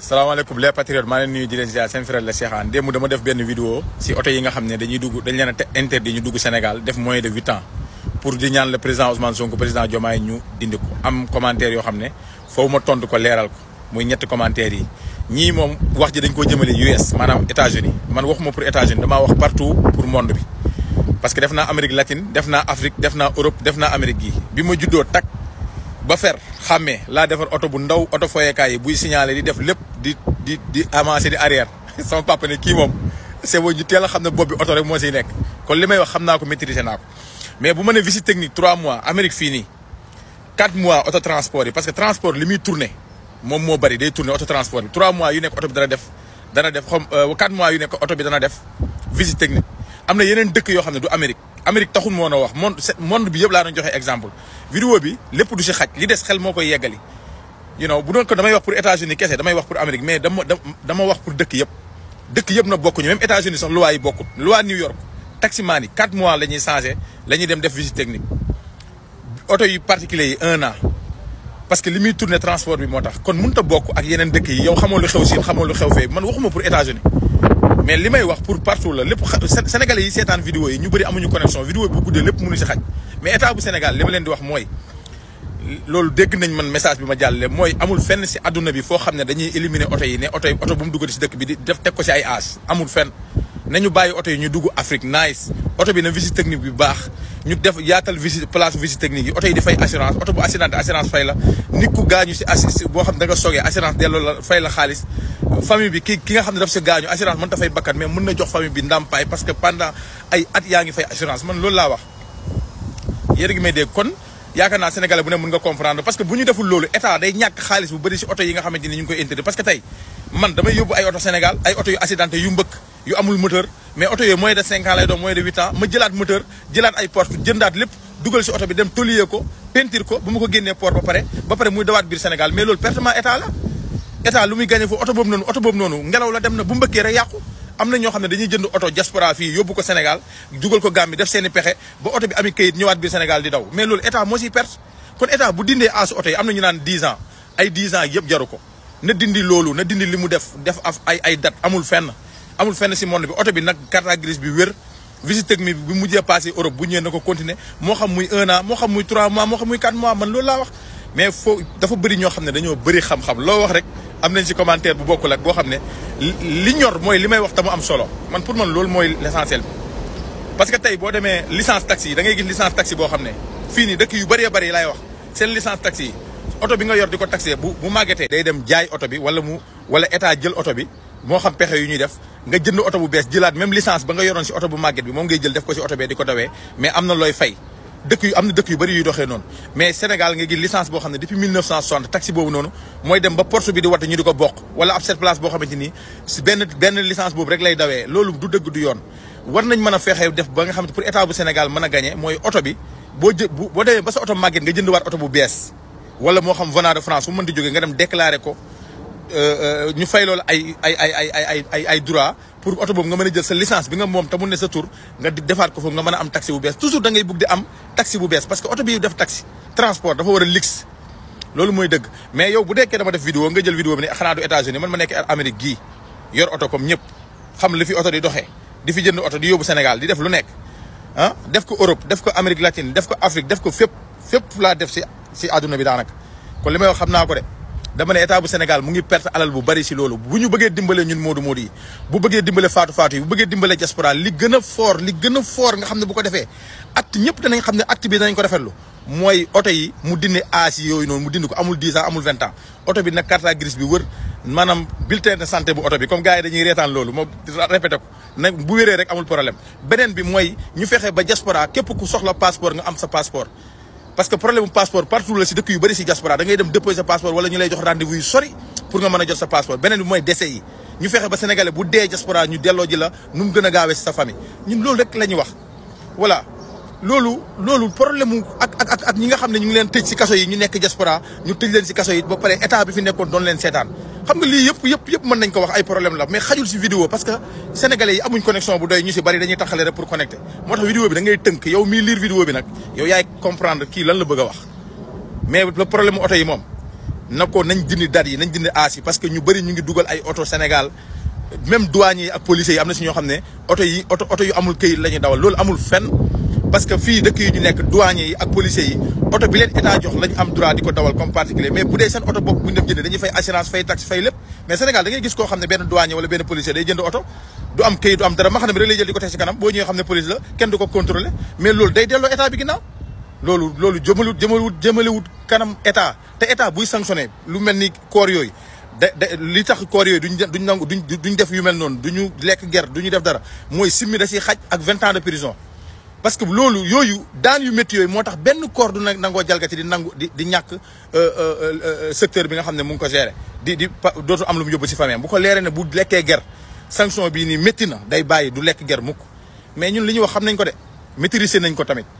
salaamaaleykum les patriotes maa leen nuyu di leen ziar seen def benn vidéo si oto yi nga xam ne dañuy dugg dañ leen a interdit ñu dugg Sénégal def moins de huit ans pour di ñaan le président Ousmane Sonko président Diomaye ñu dindi am commentaire yoo xam ne foofu ma tontu ko leeral ko muy ñetti commentaires yi ñii moom wax ji dañ koo jëmale US maanaam États-Unis man waxuma pour États-Unis damaa wax partout pour monde bi parce que def naa Amérique latine def naa Afrique def naa Europe def naa Amérique gi bi ma juddoo tak ba fer xàmmee laa defar oto bu ndaw oto foyekaay yi buy signalé di def lépp di di di avancer di arrière sama papa kii moom c'est bon ñu teel a xam ne bopp bi oto rek moo siy nekk. kon li may wax xam naa ko maîtriser naa ko mais bu ma nee visite technique 3 mois Amérique fii nii 4 mois auto transport yi parce que transport li muy tourné moom moo bari day tourné auto transport bi 3 mois yu nekk oto bi dana def dana def xom 4 euh, mois yu nekk oto bi dana def visite technique. am na yeneen dëkk yoo xam ne du Amérique Amérique taxul moo na wax monde monde bi yëpp laa doon joxe exemple vidéo bi lépp du si xaj li des xel moo koy yeggali. you know bu doon ko damay wax pour États-Unis kese damay wax pour Amérique mais dama dama wax pour dëkk yëpp dëkk yëpp na bokkuñu même États-Unis sax loi yi bokkut loi New York taximaan yi 4 mois la ñuy la ñuy dem def visite technique oto yu particulier yi un an parce que li muy tourné transport bi moo tax kon mënut a bokk ak yeneen dëkk yi yow xamoo lu xew siin xamoo lu xew fee man waxuma pour États-Unis mais li may wax pour partout la lépp Sénégalais yi seetaan vidéo ma leen di wax mooy loolu dégg nañ man message bi ma jàllale mooy amul fenn si adduna bi foo xam ne dañuy éliminer oto yi ne oto yi oto bu mu duggati si dëkk bi di def teg ko si ay âge amul bi baax ñu def yaatal visite place visite technique yi oto yi di fay assurance oto bu accident assurance fay la nit ku gaañu si assi boo xam ne da nga sogee assurance delloo la fay la xaalis famille bi ki nga xam ne daf si gaañu assurance mën ta fay bakkan mais mën na jox famille bi ndàmpaay parce que pendant ay at yaa ngi fay assurance man loolu laa wax yéen a ngi may dégg kon yaakaar naa sénégalais bu ne mën nga comprendre parce que bu ñu deful loolu état day ñàkk xaalis bu bëri si oto yi nga xamante ni ñu ngi koy interdit parce que tey man damay yóbbu ay oto Sénégal ay oto yu accidenté yu mbëkk yu amul moteur mais oto yooyu moins de cinq lay doon moins de huit ma jëlaat moteur jëlaat ay porte jëndaat lépp dugal si oto bi dem toliyee ko peinture ko bu ma ko génnee port ba pare ba pare muy dawaat biir Sénégal noonu ngelaw la dem na bu mbëkkee yàqu am na ñoo xam ne dañuy jënd oto diaspora fii yóbbu ko Sénégal jugal ko Gambie def seen i pexe ba oto bi ami kayit ñëwaat biir Sénégal di daw mais loolu état moo siy perte kon état bu dindee aasu oto yi am na ñu naan 10 ans ay 10 ans yëpp jaru ko na dindi loolu na dindi li mu def def af ay ay date amul fenn amul fenn si monde bi oto bi nag carte grise bi wér visite technique bi bu mujjee passé Europe bu ñëwee na ko continuer moo xam muy un an moo xam muy trois mois moo xam muy man loolu laa wax mais foo dafa bëri xam ne dañoo bëri xam loo wax rek am nañ si commentaire bu bokkul ak boo xam ne li ñor mooy li may wax te mu am solo man pour man loolu mooy l'essentiel parce que tey boo demee lisance taxi yi dangay ngay gis licence taxi boo xam ne fii nii dëkk yu bëree bëri laay wax seen licence taxi yi oto bi nga yor di ko taxé bu bu màggetee day dem jaay oto bi wala mu wala état jël oto bi moo xam pexe yu ñuy def nga jënd oto bu bees jëlaat même licence ba nga yoroon si oto bu màgget bi moom ngay jël def ko si oto bee di ko dawee mais na looy fay dëkk yu am na dëkk yu bëri yuy doxee noonu mais Sénégal nga gis licence boo xam ne depuis 1960 taxi boobu noonu mooy dem ba porte bi di watt ñu di ko bokk wala ab sept place boo xamante ni si benn benn licence boobu rek lay dawee loolu du dëgg du yoon war nañ mën a feexee def ba nga xam ne pour état bu Sénégal mën a gagné mooy oto bi boo jë boo demee ba sa oto màgget nga jënd waat oto bu bees wala moo xam venant de France bu mën di jógee nga dem déclaré ko Euh, euh, ñu fay loolu ay ay ay ay ay ay ay droit pour oto boobu nga mën a jël sa licence bi nga moom te mu ne sa tur nga di defaat ko foofu nga mën a am taxi bu bees toujours da ngay bugg di am taxi bu bees parce que oto bi def taxi transport dafa war a lix loolu mooy dëgg mais yow bu nekkee dama def vidéo nga jël vidéo bi ne xanaa du États-Unis man ma nekk Amérique gii yor oto comme ñëpp xam li fi oto di doxee di fi jënd oto di yóbbu Sénégal di def lu nekk ah def ko Europe def ko Amérique latine def ko Afrique def ko fépp fépp laa def si si àdduna bi daanaka kon li may wax xam naa ko de dama ne état bu Sénégal mu ngi perte alal bu bari si loolu bu ñu bëggee dimbale ñun Modou Modou yi bu bëggee dimbale Fatou Fatou yi bu bëggee dimbale diaspora li gën a li gën a fort nga xam ne bu ko defee acte ñëpp danañ xam ne acte bi danañ ko rafetlu mooy oto yi mu dindi aas yi yooyu noonu mu dindi ko amul 10 ans amul 20 ans oto bi na carte grise bi wër maanaam bulletin de santé bu oto bi comme gars yi dañuy reetaan loolu moo répété ko nag bu amul problème beneen bi mooy ñu fexe ba diaspora képp ku soxla passeport nga am sa passeport parce que problème passeport partout la si dëkk yu bëri si diaspora da ngay dem déposer passeport wala ñu lay jox rendez yu sori pour nga mën a jot sa passeport beneen bi mooy décès yi ñu fexe ba sénégalais bu dee diaspora ñu delloo la nu mu gën a gaawee si sa famille ñun loolu rek la ñuy wax voilà loolu loolu problème mu ak ak ñi nga xam ne ñu ngi leen tëj si kaso yi ñu nekk diaspora ñu tëj leen si kaso yi ba pare état bi fi nekkoon doon leen seetaan xam nga lii yëpp yëpp yëpp mën nañ ko wax ay problème la mais xajul si vidéo parce que sénégalais yi amuñ connexion bu doy ñu si bari dañuy taxale rek pour connecter moo tax vidéo bi da ngay tënk yow miy lire vidéo bi nag yow yaay comprendre kii lan la bëgg a wax mais le problème oto yi moom na nañ dindi dar yi nañ dindi aas yi parce que ñu bëri ñu ngi dugal ay oto Sénégal même douaniers yi ak policiers yi am na si ñoo xam ne oto yi oto oto yu amul këyit la ñuy dawal loolu amul fenn parce que fii dëkk yi ñu nekk douanier yi ak policiers yi oto bi leen état jox lañu am droit di ko dawal comme particulier mais bu dee seen oto bopp bu ñu dem jënd dañuy fay assurance fay taxe fay lépp mais Sénégal da gis koo xam ne benn douanier wala benn policier day jënd oto du am këyit am dara ma xam rek lay di ko teg ci kanam boo ñëwee xam ne police la kenn du ko contrôler mais loolu day delloo état bi ginnaaw loolu loolu jëmalewut jëmalewut lu mel ni koor yooyu tax koor yooyu duñ duñ nangu duñ duñ def yu mel noonu duñu lekk ger duñu def dara mooy simmi da ciy xaj parce que loolu yooyu daan yu métti yooyu moo tax benn corps du nangoo jalgati di nangu di di ñàkk euh, euh, euh, secteur bi nga xam ne mu ngi ko gérer di di dootu am lu mu yóbbu ci famille bu ko leeree ne bu lekkee ger sanction bii nii métti na day bàyyi du lekk ger mukk mais ñun li ñuy wax xam nañ ko de maîtriser nañ ko tamit